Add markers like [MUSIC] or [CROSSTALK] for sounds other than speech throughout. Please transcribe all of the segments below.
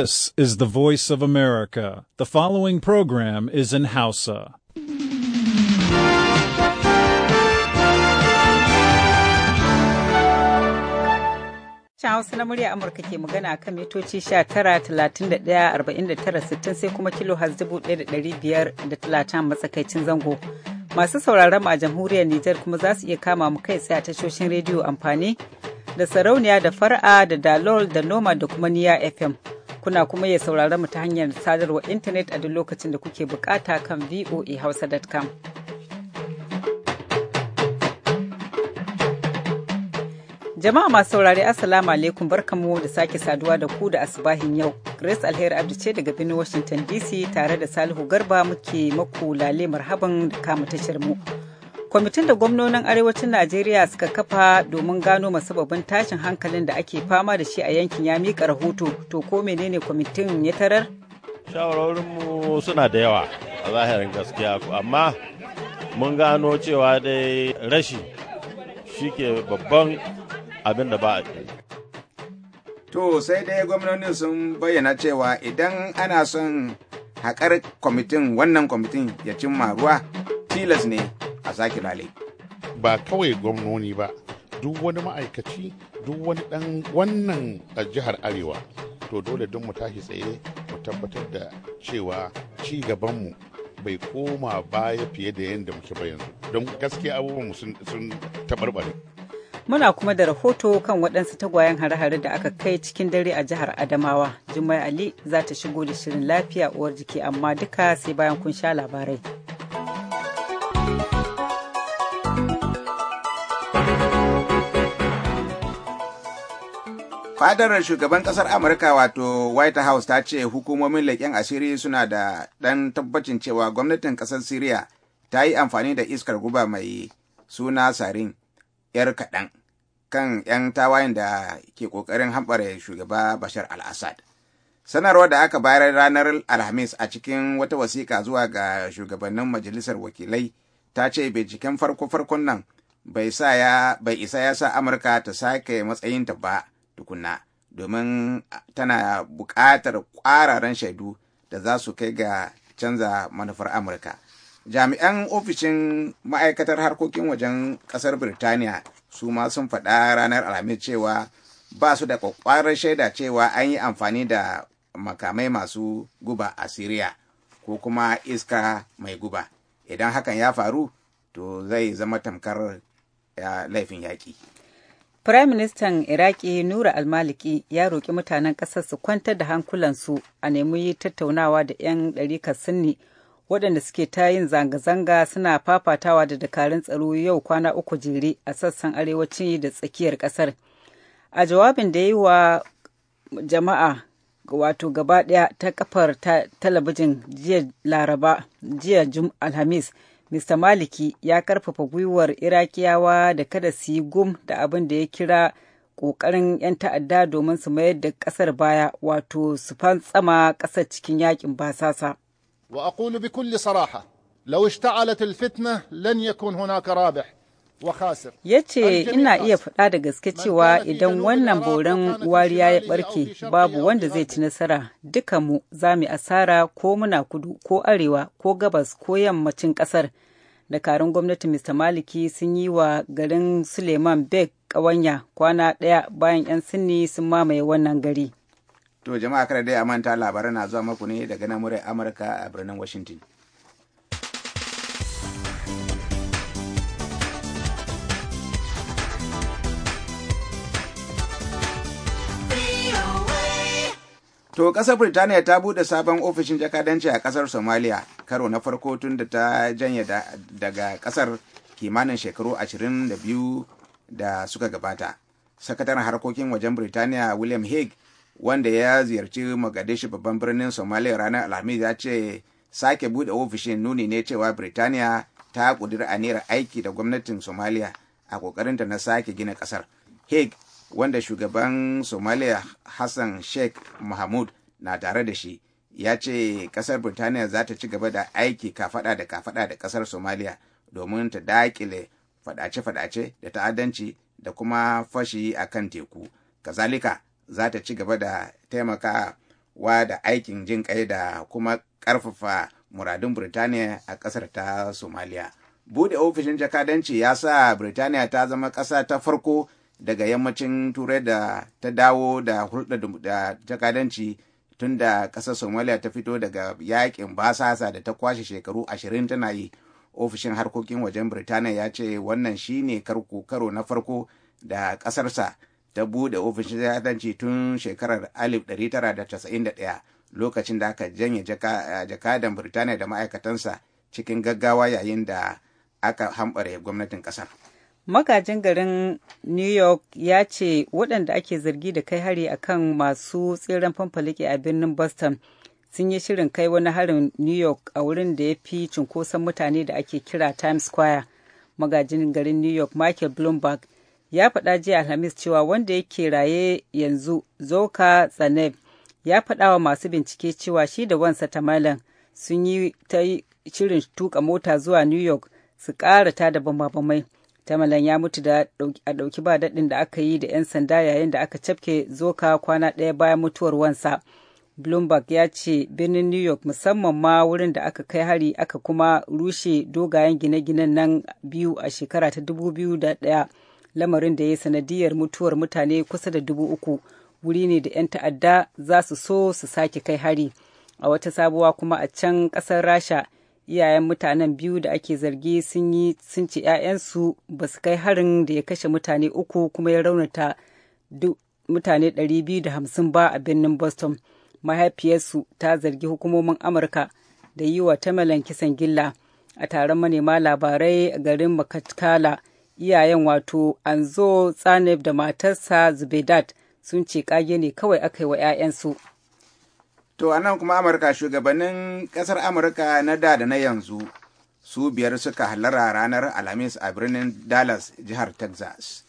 This is the voice of America. The following program is in Hausa. Sashen Hausa na murya Amurka ke magana kan mitoci 19,31,49,60 sai kuma kilo da 1,530 matsakaicin zango. Masu sauraron a jamhuriyar Nijar kuma za su iya kama mu kai tsaye a tashoshin rediyo amfani da sarauniya da fara'a da dalol da noma da kuma niya FM. Kuna kuma ya saurara mu ta hanyar sadarwar intanet a duk lokacin da kuke bukata kan voahausa.com. Jama'a masu saurari Assalamu alaikum barkamu da sake saduwa da ku da asubahin yau. Grace Alheri Abdi ce daga birnin Washington DC tare da Salihu Garba muke maku lale marhaban da kama tashar mu. kwamitin da gwamnonin arewacin najeriya suka kafa domin gano masababin tashin hankalin da ake fama da shi a yankin ya mika rahoto to ko menene kwamitin ya tarar shawarorinmu suna da yawa a zahirin gaskiya amma mun gano cewa dai rashi shike babban abin da ba a to sai dai gwamnonin sun bayyana cewa idan ana son haƙar kwamitin wannan kwamitin ya cimma ruwa tilas ne a sake lale ba kawai gwamnoni ba duk wani ma'aikaci duk wani dan wannan jihar arewa to dole don mu tashi tsaye mu tabbatar da cewa ci gabanmu bai koma baya fiye da yadda muke ba yanzu don gaskiya abubuwan sun tabarbare Muna kuma da rahoto kan waɗansu tagwayen hare-hare da aka kai cikin dare a jihar Adamawa. Jummai Ali za ta shigo da shirin lafiya uwar jiki amma duka sai bayan kun sha labarai. Fadar shugaban ƙasar Amurka wato White House ta ce hukumomin leƙen asiri suna da ɗan tabbacin cewa gwamnatin ƙasar Siriya ta yi amfani da iskar guba mai suna sarin 'yar kaɗan kan 'yan tawayen da ke ƙoƙarin hambar shugaba Bashar al-Assad. Sanarwar da aka bayar ranar Alhamis a cikin wata wasiƙa zuwa ga shugabannin majalisar wakilai ta ce binciken farko-farkon nan bai isa ya sa Amurka ta sake matsayinta ba tukunna domin tana buƙatar ƙwararren shaidu da za su kai ga canza manufar amurka jami'an ofishin ma'aikatar harkokin wajen ƙasar birtaniya su ma sun faɗa ranar alhamis cewa ba su da ƙwaƙwarar shaida cewa an yi amfani da makamai masu guba a siriya ko kuma iska mai guba idan hakan ya faru to zai zama tamkar laifin yaƙi. firaministan Ministan Iraki Nura Almaliki ya roƙi mutanen ƙasar su kwantar da hankulansu a nemi tattaunawa da 'yan ɗarikar Sunni waɗanda suke ta yin zanga-zanga suna fafatawa da dakarun tsaro yau kwana uku jere a sassan arewacin da tsakiyar ƙasar. A jawabin da ya yi wa jama'a wato gaba ɗaya ta kafar talabijin jiya Laraba jiya Alhamis. Mr. Maliki ya karfafa gwiwar Irakiyawa da kada su yi gum da abin da ya kira ƙoƙarin 'yan ta'adda domin su mayar da ƙasar baya wato su fantsama ƙasar cikin yakin basasa. وأقول بكل صراحة لو اشتعلت fitna lan yakun hunaka rabih Ya ce ina iya faɗa da gaske cewa idan wannan boran wariya ya barke babu wanda zai ci nasara dukanmu za mu asara ko muna kudu ko arewa ko gabas ko yammacin ƙasar. Dakarun gwamnati Mr. Maliki sun yi wa garin Suleiman Beg ƙawanya kwana daya bayan 'yan sinni sun mamaye wannan gari. To jama'a kada dai a manta labaran na zuwa maku ne daga Amurka a birnin Washington. To ƙasar Birtaniya ta buɗe sabon ofishin jakadanci a ƙasar Somalia karo na farko tun da ta janye daga ƙasar kimanin shekaru 22 da suka gabata. Sakataren harkokin wajen Birtaniya William Hague wanda ya ziyarci Mogadishu babban birnin Somalia ranar Alhamis ya ce sake buɗe ofishin nuni ne cewa Birtaniya ta ƙudiri aniyar aiki da gwamnatin Somalia a ƙoƙarinta na sake gina ƙasar. Hague wanda shugaban somalia hassan sheikh mahmud na tare da shi ya ce kasar birtaniya za ta ci gaba da aiki kafada da kafada da kasar somaliya domin ta dakile fadace-fadace da ta'addanci da kuma fashi a kan teku kazalika za ta ci gaba da taimakawa da aikin jin kai da kuma ƙarfafa muradun birtaniya a kasar ta somaliya bude ofishin jakadanci ya sa birtaniya ta zama ƙasa ta farko daga yammacin turai da ta dawo da hulɗa da jakadanci tun da ƙasar somalia ta fito daga yakin basasa da ta kwashe shekaru ashirin tana yi ofishin harkokin wajen birtaniya ya ce wannan shine karko karo na farko da ƙasarsa ta buɗe ofishin jakadanci tun shekarar 1991 lokacin da aka janye jakadan birtaniya da ma'aikatansa cikin gaggawa yayin da aka hambare gwamnatin ƙasar. magajin garin new york ya ce waɗanda ake zargi da kai hari a kan masu tseren fanfalike a birnin boston sun yi shirin kai wani harin new york a wurin da ya fi cunkoson mutane da ake kira times square magajin garin new york michael bloomberg ya faɗa jiya alhamis cewa wanda yake raye yanzu zoka tsanev ya faɗa wa masu bincike cewa shi da wansa tamalan sun yi ta shirin tuka mota zuwa new york su ƙara ta da bambamai tamalan ya mutu da a ɗauki ba daɗin da aka yi da 'yan sanda yayin da aka cafke zoka kwana ɗaya bayan mutuwar wansa bloomberg ya ce birnin new york musamman ma wurin da aka kai hari aka kuma rushe dogayen gine-ginen nan biyu a shekara ta da 2001 lamarin da ya sanadiyar mutuwar mutane kusa da dubu uku wuri ne da 'yan ta'adda za su so su sake kai hari a wata sabuwa kuma a can ƙasar rasha iyayen mutanen biyu da ake zargi sun yi sun ce 'ya'yansu ba su kai harin da ya kashe mutane uku kuma ya raunata mutane 250 ba a birnin boston mahaifiyarsu ta zargi hukumomin amurka da yi wa tamalan kisan gilla a taron manema labarai a garin makatkala iyayen wato anzo tsanif da matarsa zubedat sun ce kage ne kawai aka yi wa 'ya'yansu To a nan kuma Amurka shugabannin ƙasar Amurka na da da na yanzu su biyar suka halara ranar Alhamis a birnin Dallas jihar Texas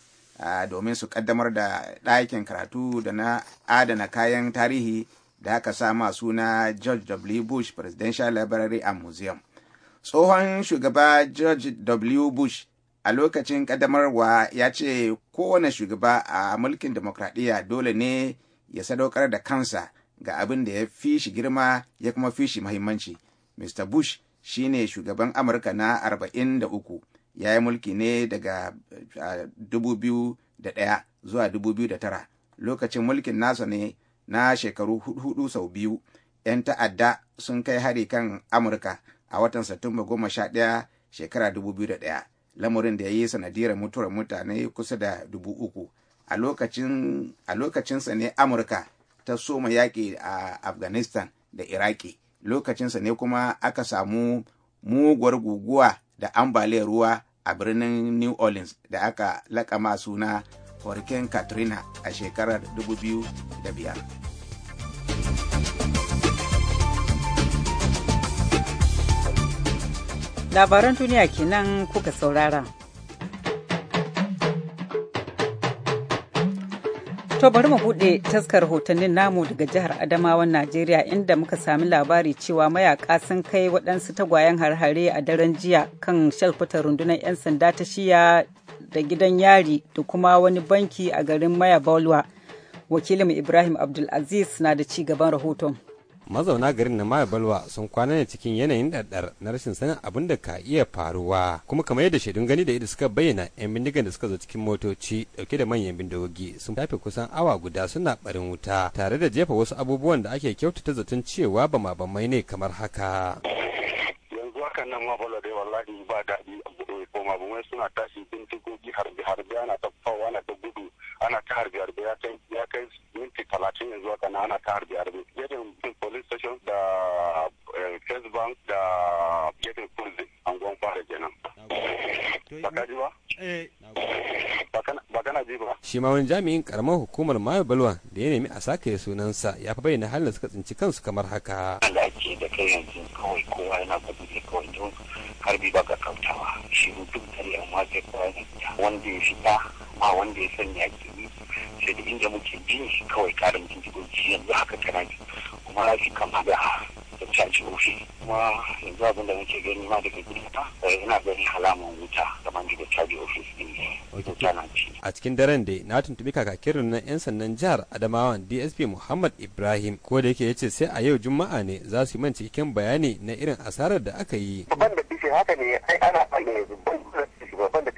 domin su kaddamar da ɗakin karatu da na adana kayan tarihi da aka sama suna George W. Bush Presidential Library and Museum. Tsohon shugaba George W. Bush a lokacin kaddamarwa ya ce kowane shugaba a mulkin demokradiyya dole ne ya sadaukar da kansa. ga abin da ya fi shi girma ya kuma fi shi mahimmanci mr bush shine shugaban amurka na arba'in da uku ya yi mulki ne daga dubu biyu da ɗaya zuwa dubu biyu da tara lokacin mulkin nasa ne na shekaru hudu sau biyu 'yan ta'adda sun kai hari kan amurka a watan satumba goma sha ɗaya shekara dubu lamarin da ya yi sanadiyar mutuwar mutane kusa da dubu uku a lokacinsa ne amurka ta soma yaƙi a afghanistan da iraki lokacinsa ne kuma aka samu muguwar guguwa da ambaliyar ruwa a birnin new orleans da aka lakama suna hurricane katrina a shekarar 2005 labaran duniya kenan kuka saurara. To bari mu buɗe taskar hotonnin namu daga jihar Adamawan Najeriya inda muka sami labari cewa mayaka sun kai waɗansu tagwayen harhare a daren jiya kan shalkutar rundunar 'yan sanda ta shiya da gidan yari da kuma wani banki a garin Maya Bolwa. Wakilin Ibrahim Abdulaziz na da ci gaban rahoton. mazauna garin na Maya Balwa sun kwana ne cikin yanayin ɗaɗɗar na rashin sanin abin da ka iya faruwa kuma kamar yadda shaidun gani da ido suka bayyana 'yan bindigan da suka zo cikin motoci dauke da manyan bindigogi sun tafi kusan awa guda suna barin wuta tare da jefa wasu abubuwan da ake kyautata zaton cewa ba mabammai ne kamar haka. Yanzu haka nan ma balwa dai wallahi ba daɗi ko mabammai suna tashi bindigogi harbe harbe ana ta ana ta harbe harbe ya kai minti talatin yanzu haka na ana ta harbi harbi gefen police station da eh, first bank da gefen kurzi gwan fara kenan baka ji ba eh. baka na ji ba shi ma wani jami'in karamar hukumar mayo balwa da ya nemi a sake sunansa ya fi bayyana halin suka tsinci kansu kamar haka da ake da kai yanzu kawai kowa yana gudu kawai don harbi ba ga kautawa shi duk tare amma sai kowa ya wanda ya fita ba wanda ya sanya ake daga inda muke jin shi kawai karin bindigo yanzu haka tana ji kuma ya fi kama da da caji ofi kuma yanzu abin da muke gani ma daga gudunta yana eh, gani halaman wuta kamar da caji ofi a cikin daren da na tuntubi kakakin na 'yan sandan jihar adamawan dsp muhammad ibrahim ko da yake ya ce sai a yau juma'a ne za su yi man cikakken bayani na irin asarar da aka yi. babban da haka ne ai ana da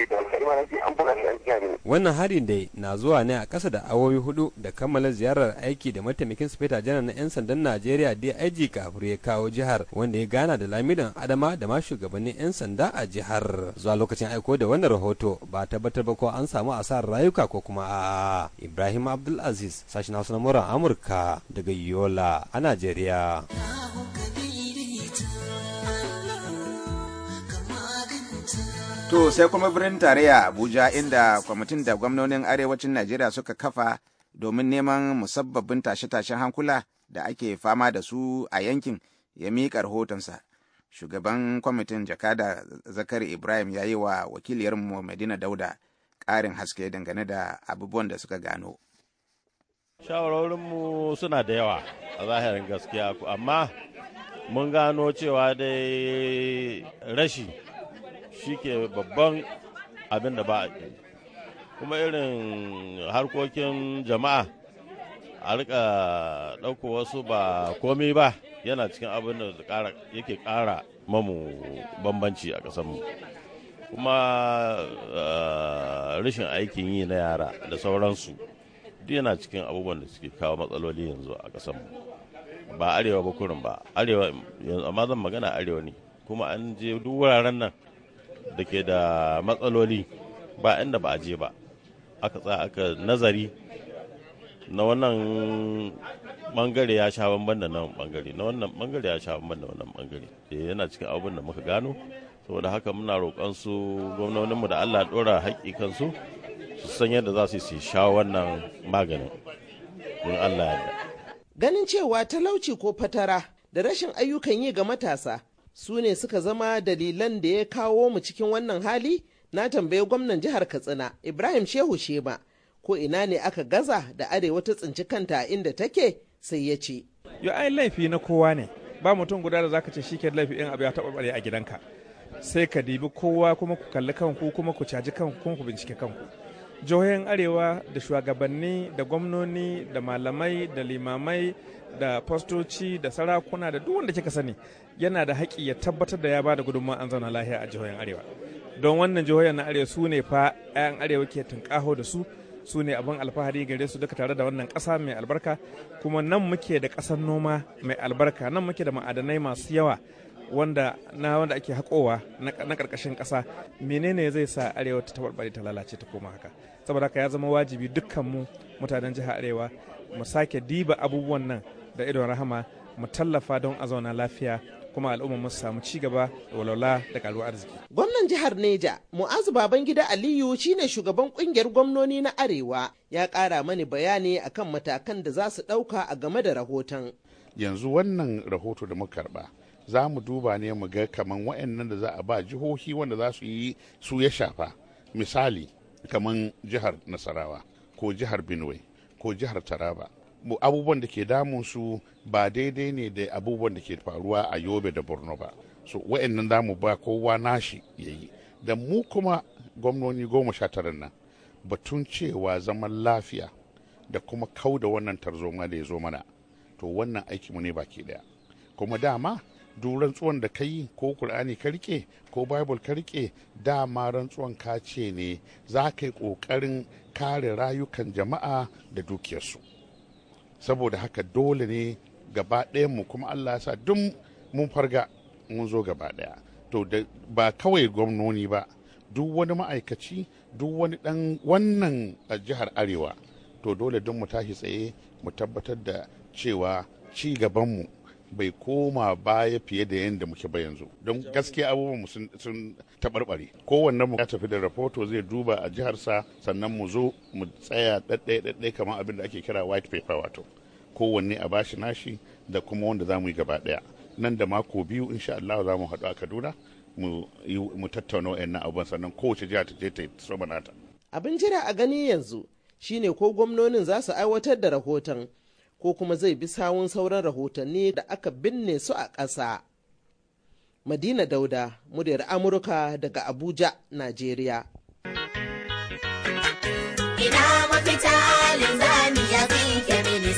wannan harin dai na zuwa ne a kasa da awowi hudu da kammala ziyarar aiki da mataimakin sufeta janar na 'yan sandan najeriya dig kafur ya kawo jihar wanda ya gana da lamidan adama da ma shugabannin 'yan sanda a jihar zuwa lokacin aiko da wannan rahoto ba tabbatar ba ko an samu asarar rayuka ko kuma a ibrahim abdulaziz sashen hausa na amurka daga yola a najeriya To sai kuma birnin tarayya Abuja inda kwamitin da gwamnonin arewacin Najeriya suka kafa domin neman musabbabin tashe-tashen hankula da ake fama da su a yankin ya miƙa rahotonsa. Shugaban kwamitin jakada Zakari Ibrahim ya yi wa wakiliyarmu Madina Dauda ƙarin haske dangane da abubuwan da suka gano. Shawarorinmu suna da yawa a zahirin gaskiya amma mun gano cewa dai rashi shi babban abin da ba a ke kuma irin harkokin jama'a a rika ɗauko wasu ba komai ba yana cikin abin da yake ƙara mamu bambanci a ƙasarmu kuma eh, rashin aikin yi na yara da sauransu duk yana cikin abubuwan da suke kawo matsaloli yanzu a ƙasarmu ba arewa ba kurin ba arewa yanzu amma zan magana arewa ne kuma an je duk wuraren nan da ke da matsaloli ba inda ba a je ba aka tsaya aka nazari na wannan bangare ya sha bamban da nan bangare na wannan bangare ya sha bamban da wannan bangare eh, yana cikin abubuwan da muka gano saboda haka muna roƙon su gwamnoninmu da Allah ɗora haƙƙi kansu su san yadda za su yi sha wannan maganin don Allah ya ganin cewa talauci ko fatara da rashin ayyukan yi ga matasa su ne suka zama dalilan da ya kawo mu cikin wannan hali na tambayi gwamnan jihar katsina ibrahim shehu sheba ko ina ne aka gaza da arewa ta tsinci kanta inda take sai ya ce yo ai laifi na kowa ne ba mutum guda da zaka ce shi laifi in abu ya bare a gidanka sai ka dibi kowa kuma ku kalli kanku kuma ku caji kanku kuma ku bincike kanku jihohin arewa da shugabanni da gwamnoni da malamai da limamai da fastoci da sarakuna da duk wanda kika sani yana da haƙƙi ya tabbatar da ya ba da gudunmawa an zauna lahiya a jihohin arewa don wannan jihohin na arewa su ne fa 'yan arewa ke tunƙaho da su su ne abin alfahari gare su duka tare da wannan ƙasa mai albarka kuma nan muke da ƙasar noma mai albarka nan muke da ma'adanai masu yawa wanda na wanda ake haƙowa na ƙarƙashin ƙasa menene zai sa arewa ta tabarbare ta lalace ta koma haka saboda haka ya zama wajibi dukkan mu mutanen jihar arewa mu sake diba abubuwan nan da idon rahama mu tallafa don a zauna lafiya kuma al'umma mu samu ci gaba da walwala da karuwar arziki. Gwamnan jihar Neja, Mu'azu Babangida Aliyu shine shugaban kungiyar gwamnoni na Arewa, ya kara mani bayani akan matakan da za su dauka a game da rahoton. Yanzu wannan rahoto da muka karba za mu duba ne mu ga kaman waɗannan da za a ba jihohi wanda za su yi su ya shafa. Misali, kaman jihar Nasarawa, ko jihar Benue, ko jihar Taraba, abubuwan da ke damun su ba daidai ne da abubuwan da ke faruwa a yobe da borno ba so wa'annan za ba kowa nashi ya yi da mu kuma gwamnoni goma sha tara nan batun cewa zaman lafiya da kuma kau da wannan tarzoma da ya zo mana to wannan aiki mu ne baki daya kuma dama duk rantsuwan da ka yi ko kur'ani ka rike ko bible ka rike dama rantsuwan ka ce ne za ka yi ƙoƙarin kare rayukan jama'a da dukiyarsu saboda haka dole ne gaba mu kuma allah sa duk mun farga mun zo gaba ɗaya to ba kawai gwamnoni ba duk wani ma'aikaci duk wani ɗan wannan a jihar arewa to dole don mu tashi tsaye mu tabbatar da cewa ci gaban mu. bai koma baya fiye da yadda muke ba yanzu don gaskiya abubuwan mu sun taɓarɓare kowanne mu ya tafi da rahoto zai duba a jihar sa sannan mu zo mu tsaya ɗaɗɗaya ɗaɗɗaya kamar abin da ake kira white paper wato kowanne a bashi nashi da kuma wanda za mu yi gaba ɗaya nan da mako biyu insha Allah za mu haɗu a Kaduna mu tattauna wayannan abubuwan sannan kowace jiha ta je ta soma nata abin jira a gani yanzu shine ko gwamnonin za su aiwatar da rahoton ko kuma zai bi sawun sauran rahotanni da aka binne su a ƙasa. Madina Dauda, muryar Amurka daga Abuja, Najeriya. Ina mafita mini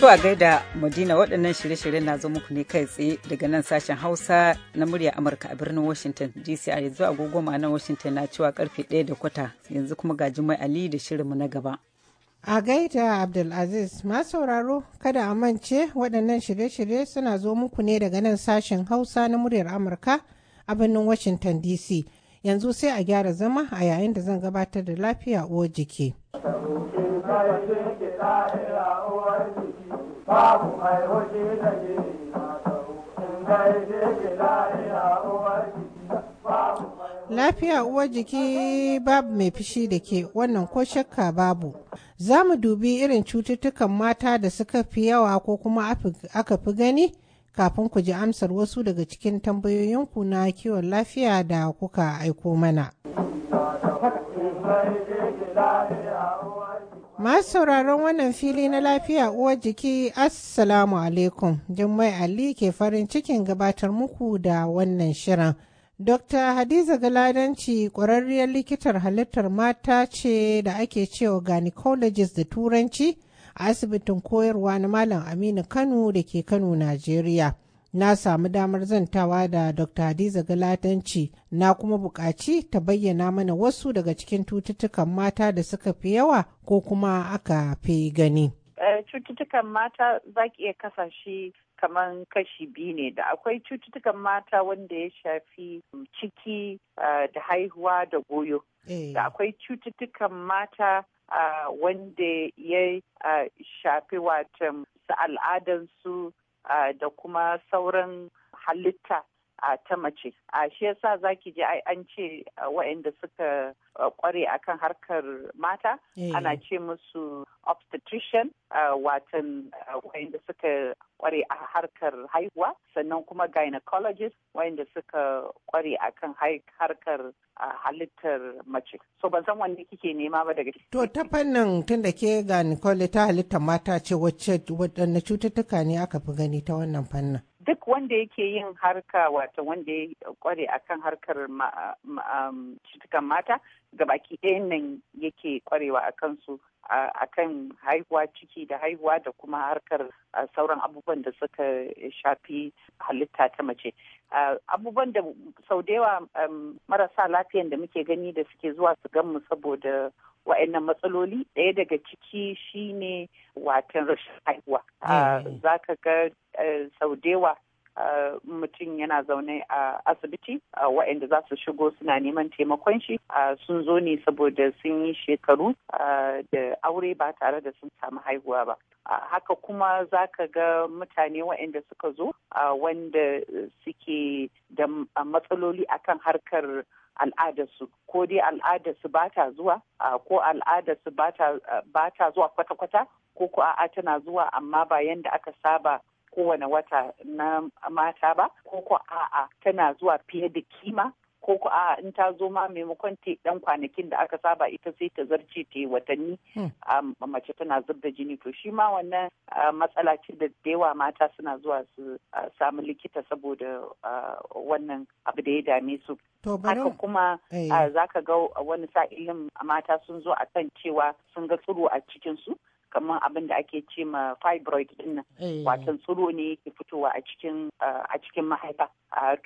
Tuwa gaida Madina waɗannan shirye-shirye na zo muku ne kai tsaye daga nan sashen Hausa na murya Amurka a birnin Washington DC a yanzu agogo nan Washington na cewa karfe ɗaya da kwata yanzu kuma ga Jumai Ali da shirinmu na gaba. A gaida Abdulaziz, sauraro kada a mance waɗannan shirye-shirye suna zo muku ne daga nan sashen Hausa na muryar Amurka a birnin Washington DC. Yanzu sai a gyara zama a yayin da zan gabatar da lafiya uwar jiki. Babu Lafiya uwar jiki babu mai fushi da ke wannan ko shakka babu. Za mu dubi irin cututtukan mata da suka fi yawa ko kuma aka fi gani kafin ku ji amsar wasu daga cikin tambayoyinku na kiwon lafiya da kuka aiko mana. Masu sauraron wannan fili na lafiya uwar jiki Assalamu alaikum. Jummai Ali ke farin cikin gabatar muku da wannan shirin. Dr. Hadiza Galadanci ƙwararriyar likitar halittar mata ce da ake cewa gynecologist da turanci a asibitin koyarwa na Malam Aminu Kano da ke Kano, Najeriya. na samu damar zantawa da dr hadiza Galatanci na kuma buƙaci ta bayyana mana wasu daga cikin cututtukan mata da suka fi yawa ko kuma aka fi gani eh, cututtukan mata za ki iya kasa kamar kashi biyu ne da akwai cututtukan mata wanda ya shafi mm, ciki eh, da haihuwa da goyo eh. da akwai cututtukan mata ah, wanda ya ah, shafi watan su al'adansu da kuma sauran halitta a ta mace a shi yasa zaki ji an ce waɗanda suka kware akan harkar mata eh. ana ce musu obstetrician watan waɗanda suka kware a harkar haihuwa sannan kuma gynecologist waɗanda suka kware akan harkar halittar mace so ban san wanne kike nema ba daga to ta fannin tunda ke nicole ta halittar mata ce wacce waɗanne cututtuka ne aka fi gani ta wannan fannin duk wanda yake yin harka wato wanda ya kware akan harkar um, cutukan mata gabaki ɗayan nan yake kwarewa a kansu akan haihuwa ciki da haihuwa da kuma harkar sauran abubuwan da suka shafi halitta ta mace abubuwan da sau da yawa um, marasa lafiyan da muke gani da suke zuwa su gan mu saboda wa'annan matsaloli ɗaya daga ciki shine watan rashin haihuwa eh. za ka ga sau dewa mutum yana zaune a asibiti wa'anda za su shigo suna neman taimakon shi sun zo ne saboda sun yi shekaru da aure ba tare da sun samu haihuwa ba haka kuma za ka ga mutane wa'anda suka zo wanda suke da matsaloli akan harkar al'adarsu ko dai al'adarsu ba ta zuwa ko al'adarsu ba ta zuwa kwata-kwata ko ko a'a tana zuwa amma ba yanda aka saba kowane wata na mata ba ko ko a'a tana zuwa fiye da kima ko ku a in ta zo ma maimakon ta dan kwanakin da aka saba ita sai ta zarce ta watanni hmm. a mace tana zub da jini to shi ma wannan matsala ce da yawa mata suna zuwa su samu likita saboda wannan abu da ya dame su haka kuma eh. za ka ga wani sa'ilin mata sun zo a kan cewa sun ga tsiro a cikin su kamar abin da ake ce ma fibroid din nan eh. watan tsiro ne yake fitowa a cikin a cikin mahaifa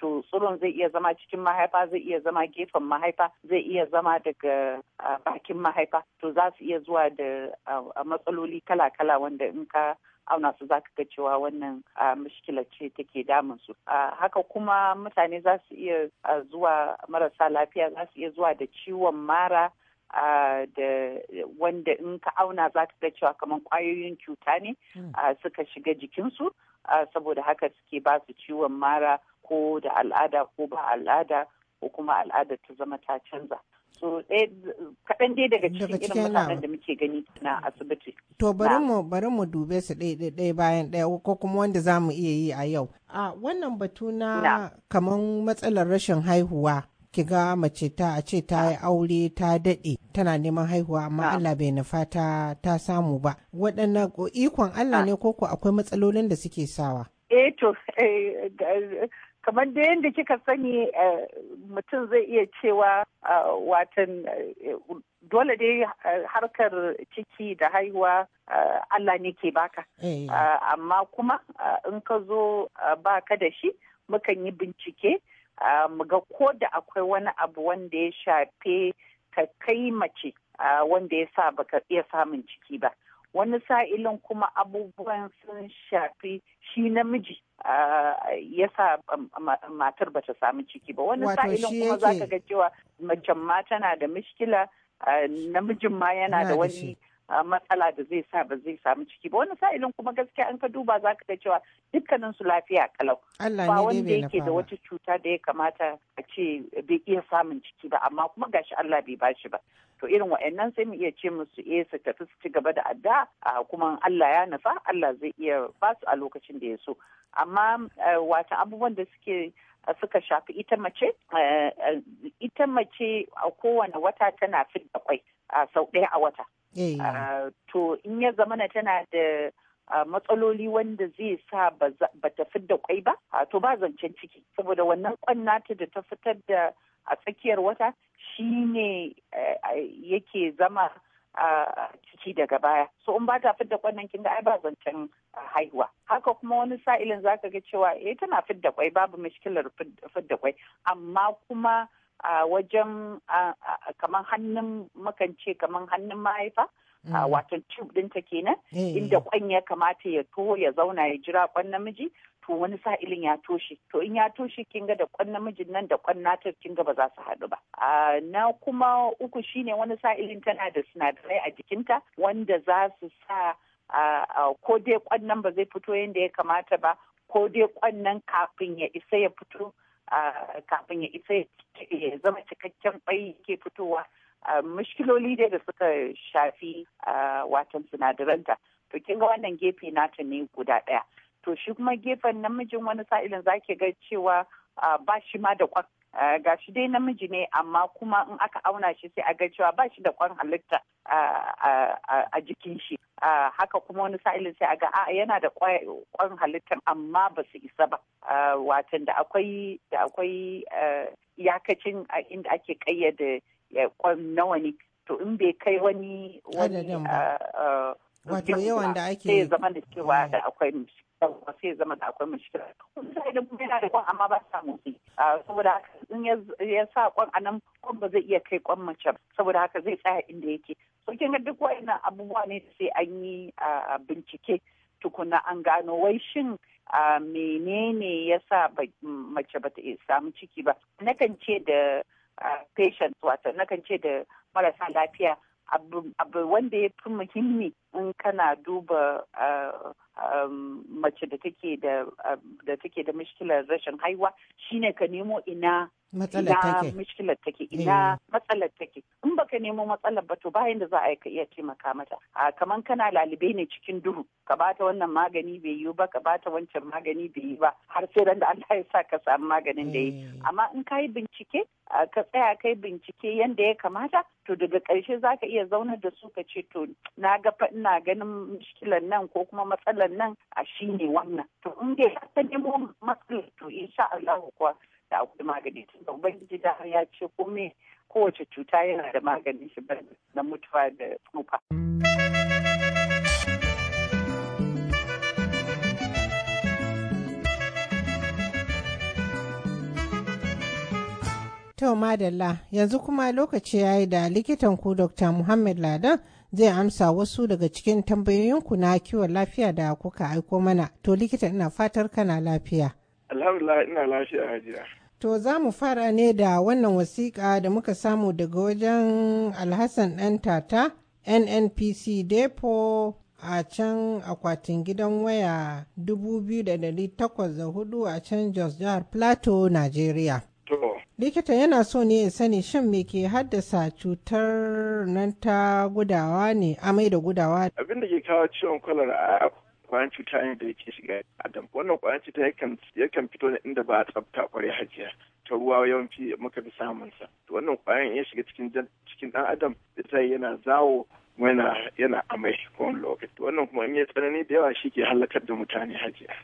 to tsiron zai iya zama cikin mahaifa zai iya zama gefen mahaifa zai iya zama daga bakin mahaifa to za su iya zuwa da matsaloli kala-kala wanda in ka auna su za ka ga cewa wannan mishkilar ce take damun su haka kuma mutane za su iya zuwa marasa lafiya za su iya zuwa da ciwon mara da wanda in ka auna za ta cewa kamar kwayoyin cuta ne hmm. suka shiga jikinsu saboda haka suke ba su ciwon mara ko da al'ada ko ba al'ada ko kuma al'ada ta zama ta canza. So kaɗan dai daga cikin irin mutanen da muke gani na asibiti. To bari mu dube su ɗaya bayan ɗaya ko kuma wanda za mu iya yi a yau. A wannan batu na kamar matsalar rashin haihuwa ki ga mace ta a ce ta yi aure ta daɗe tana neman haihuwa amma Allah bai nufa ta ta samu ba waɗannan ikon Allah ne koko akwai matsalolin da suke sawa eh to eh, kamar da yadda kika sani eh, mutum zai iya cewa ah, watan eh, dole dai harkar ciki da haihuwa Allah ne ke baka ah, amma kuma ah, in ka zo baka da shi mukan yi bincike ga ko da akwai wani abu wanda ya shafe ka kai mace wanda ya sa baka iya samun ciki ba wani sa'ilin kuma abubuwan sun shafi shi namiji ya sa matar ba ta samu ciki ba wani sa'ilin kuma za ka ga cewa macen ma tana da mishkila namijin ma yana da wani matsala da zai sa ba zai samu ciki ba wani sa'ilin kuma gaskiya an ka duba za ka ga cewa dukkanin su lafiya kalau ba wanda yake da wata cuta da ya kamata a ce bai iya samun ciki ba amma kuma gashi Allah bai bashi ba to irin wa'annan sai mu iya ce musu eh su tafi su ci gaba da adda kuma Allah ya nufa Allah zai iya ba su a lokacin da ya so amma wata abubuwan da suke suka shafi ita mace ita mace a kowane wata tana fidda kwai a sau ɗaya a wata Eh. Ah, to in ya zamana tana da ah, matsaloli wanda zai sa ba ta fidda kwai ba ah, to ba zancen ciki saboda wannan kwan nata da ta fitar da a tsakiyar wata shi ne eh, yake zama a ciki daga baya so in ba ta fidda kwannan kinga ai ba zancen haihuwa haka kuma wani sa'ilin zaka ga cewa eh tana fidda kwai babu mishkilar fidda kwai amma kuma a wajen kamar hannun makance kamar hannun mahaifa Uh, wato tube ɗinta kenan eh. inda kwan ya kamata ya to ya zauna ya jira kwan namiji to wani sa'ilin ya toshe to in ya toshe kin ga da kwan namijin nan da kwan nata kin ga ba za su haɗu ba uh, na kuma uku shine wani sa'ilin tana da sinadarai a jikinta wanda za su sa uh, ko dai kwan nan ba zai fito yadda ya kamata ba ko dai kwan nan kafin ya isa ya fito kafin ya isa ya zama cikakken bai ke fitowa mashkiloli dai da suka shafi watan sinadaranta to kin ga wannan gefe nata ne guda ɗaya to shi kuma gefen namijin wani sa'ilin zaki ga cewa ba shi ma da Ah, ga shi dai namiji ne amma kuma in aka auna shi sai a ga cewa ba shi da kwan halitta ah, ah, a jikin shi haka kuma wani sa'ilin sai a ga yana da kwan halittar amma ba su isa ba watan da akwai da akwai yakacin inda ake kayyade eh, kwan nawa ne to in bai kai wani wani wato yawan da ake sai zama da cewa da akwai sai zama da akwai mushkila kun sai da kuma yana da kwan amma ba sa motsi ah, saboda haka in ya sa kwan anan kwan ba zai iya kai kwan mace saboda haka zai tsaya inda yake so kin ga duk wayannan abubuwa ne sai an yi ah, bincike tukuna an gano wai shin ah, menene ya sa mace ba ta samu ciki ba nakan ce da patient wato nakan ce da marasa lafiya abu wanda ya fi muhimmi in kana duba ah, um, mace da take da ah, da take da mashkilar rashin haihuwa shine ka nemo ina matsalar take take ina eh. matsalar take in baka nemo matsalar ba to bayan da za a yi ka iya taimaka mata a kaman kana lalibe ne cikin duhu ka bata wannan magani bai yi ba ka bata wancan magani bai yi ba har sai ran da Allah ya sa ka samu maganin da yi eh. amma in ka yi bincike ka tsaya kai bincike yanda ya kamata to daga karshe za ka iya zaunar da su ka ce to na ga ina ganin mishkilan nan ko kuma matsalar nan a shine wannan to in dai ka nemo matsalar to insha Allah kuwa da akwai magani tun da ubangiji da ya ce kome kowace cuta yana da maganin shi na mutuwa da tsufa. Tau madalla yanzu kuma lokaci ya yi da likitan ku Dr. Muhammad Ladan zai amsa wasu daga cikin tambayoyinku na kiwon lafiya da kuka aiko mana. To likita ina fatar kana lafiya. Alhamdulillah ina lafiya hajiya. To za mu fara ne da wannan wasiƙa da muka samu daga wajen Alhassan ɗan tata NNPC Depo a can akwatin gidan waya 2,804 a can Jos Jihar Plateau, Najeriya. Likita yana so ne ya sani shan me ke haddasa cutar nan ta gudawa ne, amai da gudawa. Abin da ke kawo ciwon kwalara a kwayan cuta ne da yake shiga adam wannan kwayan cuta yakan yakan fito ne inda ba a tsafta kwarai hajiya ta ruwa yawanci muka fi samun sa to wannan kwayan ya shiga cikin cikin dan adam zai yana zawo yana yana amai ko wani lokaci wannan kuma in ya tsanani da yawa shi ke halakar da mutane hajiya.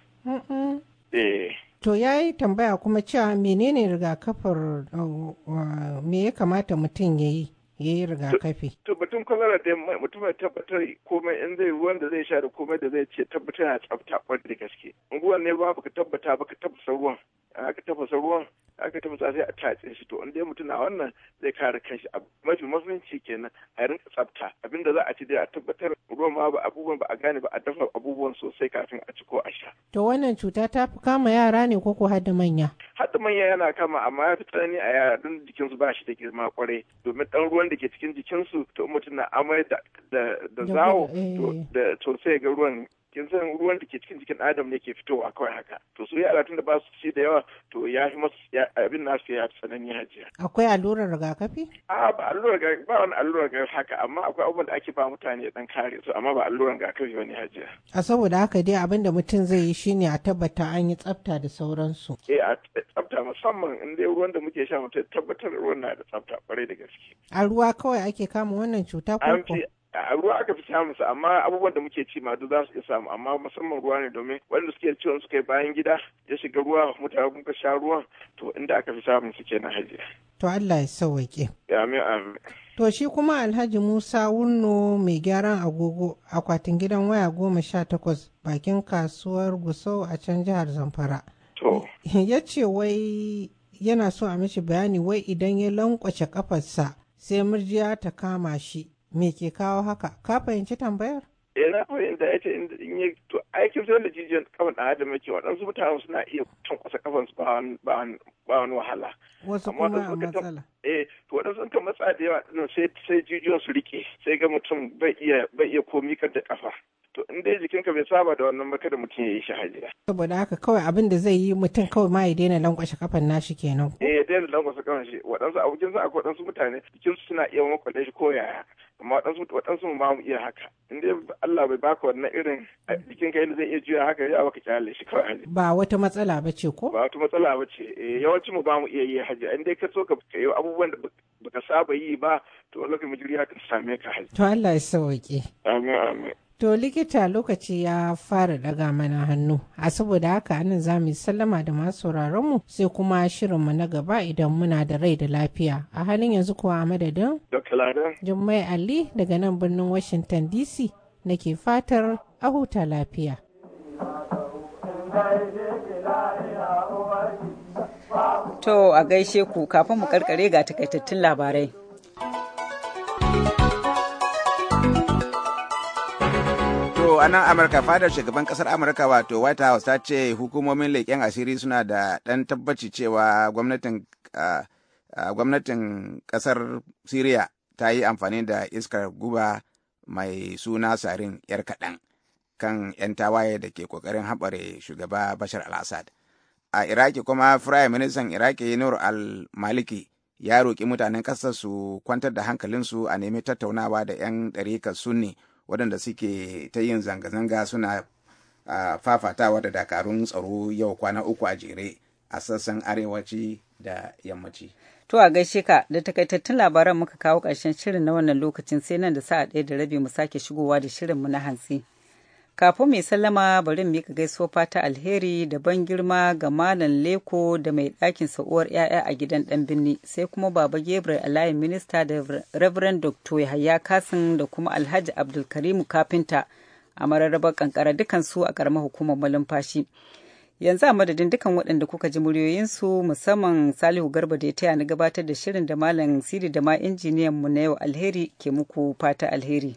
Eh. To ya yi tambaya kuma cewa menene rigakafar uh, me ya kamata mutum ya yi? ya yi rigakafi. To batun kwalara da mutum ya tabbatar komai in zai ruwan da zai sha da komai da zai ce tabbatar a tsafta kwarai da gaske. Unguwar ne ba ka tabbata ba ka tafasa ruwan. Aka tafasa ruwan aka tafasa sai a tatse shi to in dai mutum na wannan zai kare kanshi mafi musulunci kenan a rinka tsafta abinda za a ci dai a tabbatar ruwan ma ba abubuwan ba a gane ba a dafa abubuwan sosai kafin a ci ko a sha. To wannan cuta ta fi kama yara ne ko ko hada manya? Hadda manya yana kama amma ya fi tsanani a yara don jikinsu ba shi da girma kwarai domin ɗan ruwan ruwan da ke cikin jikinsu to mutum na amai da zawo eh. to sai ga ruwan kin san ruwan da ke cikin jikin adam ne ke fitowa kawai haka to su yara tun da ba su ci da yawa to ya fi masu abin su ya tsanani hajiya akwai allurar rigakafi a ba allurar rigakafi ba wani allurar rigakafi haka amma akwai abubuwan da ake ba mutane dan kare su amma ba allurar rigakafi bane hajiya a saboda haka dai abin da mutum zai yi shine a tabbata an yi tsafta da sauransu eh a tsafta musamman in dai ruwan da muke sha mutum tabbatar ruwan na da tsafta kwarai da gaske a ruwa kawai ake kama wannan cuta ko A ruwa aka fi samun su amma abubuwan da muke ci ma duk za su iya samu amma musamman ruwa ne domin wanda suke ciwon suka yi bayan gida ya shiga ruwa mutane kuka sha ruwan to inda aka fi samun su kenan haji To Allah ya Ya Amin amin. To shi kuma Alhaji Musa Wurno mai gyaran agogo akwatin gidan waya goma sha takwas bakin kasuwar Gusau a can jihar Zamfara. To. [LAUGHS] Ya ce wai yana so a mishi bayani wai idan ya lankwace kafarsa sai murjiya ta kama shi Me ke kawo haka? Ka fahimci tambayar? Eh na fahimta ya ce in yi to aikin fitar da jijiyan kafan da adam yake waɗansu mutane suna iya kusa kafan su ba wani wahala. Wasu kuma a matsala. Eh to waɗansu kan matsa da yawa sai sai jijiyar su rike sai ga mutum bai iya bai iya komi kan da kafa. To in dai jikinka bai saba da wannan ba kada mutum ya yi shi Saboda haka kawai abin da zai yi mutum kawai ma ya daina lankwashe kafan nashi kenan. Eh ya daina lankwashe kafan shi waɗansu a wajen sa akwai waɗansu mutane jikinsu suna iya makwale shi ko yaya. amma waɗansu waɗansu ba mu iya haka in dai Allah bai baka wannan irin cikin kai zai iya juya haka ya baka kyale shi kawai ba wata matsala ba ce ko ba wata matsala ba ce eh, yawanci mu ba mu iya yi haji in dai ka so ka yi abubuwan da baka saba yi ba to lokacin mujuriya ka same ka haji to Allah ya sauke amin amin To likita lokaci ya fara daga mana hannu, a saboda haka anan za mu sallama da masu mu sai kuma shirinmu na gaba idan muna da rai da lafiya. A halin yanzu kuwa a madadin? Jummai Ali daga nan birnin Washington DC nake fatar a huta lafiya. To a gaishe ku kafin mu karkare ga takaitattun labarai. a nan Amurka fadar shugaban kasar Amurka wato White House ta ce hukumomin leƙen asiri suna da ɗan tabbaci cewa gwamnatin kasar syria ta yi amfani da iskar guba mai suna sarin 'yar kaɗan kan 'yan tawaye da ke kokarin haɓare shugaba Bashar al-Assad. A Iraki kuma Firayim Ministan Iraki Nur al-Maliki ya roƙi mutanen ƙasar su kwantar da hankalinsu a nemi tattaunawa da 'yan ɗarikar Sunni waɗanda suke ta yin zanga-zanga suna fafatawa da dakarun tsaro yau kwana uku a jere a sassan arewaci da yammaci. To a gaishe ka da takaitattun labaran muka kawo ƙarshen shirin na wannan lokacin sai nan da sa'a ɗaya da rabi mu sake shigowa da shirin mu na hantsi. kafin mai sallama bari mu mika gaisuwa fata alheri da ban girma ga malam leko da mai ɗakin sa'uwar 'ya'ya a gidan ɗan birni sai kuma baba gabriel alayin minista da reverend dr yahaya kasin da kuma alhaji abdulkarimu kafinta a mararrabar kankara dukansu a ƙaramar hukumar malumfashi yanzu a madadin dukan waɗanda kuka ji muryoyinsu musamman salihu garba da ya taya na gabatar da shirin da malam sidi da ma injiniyan mu na yau alheri ke muku fata alheri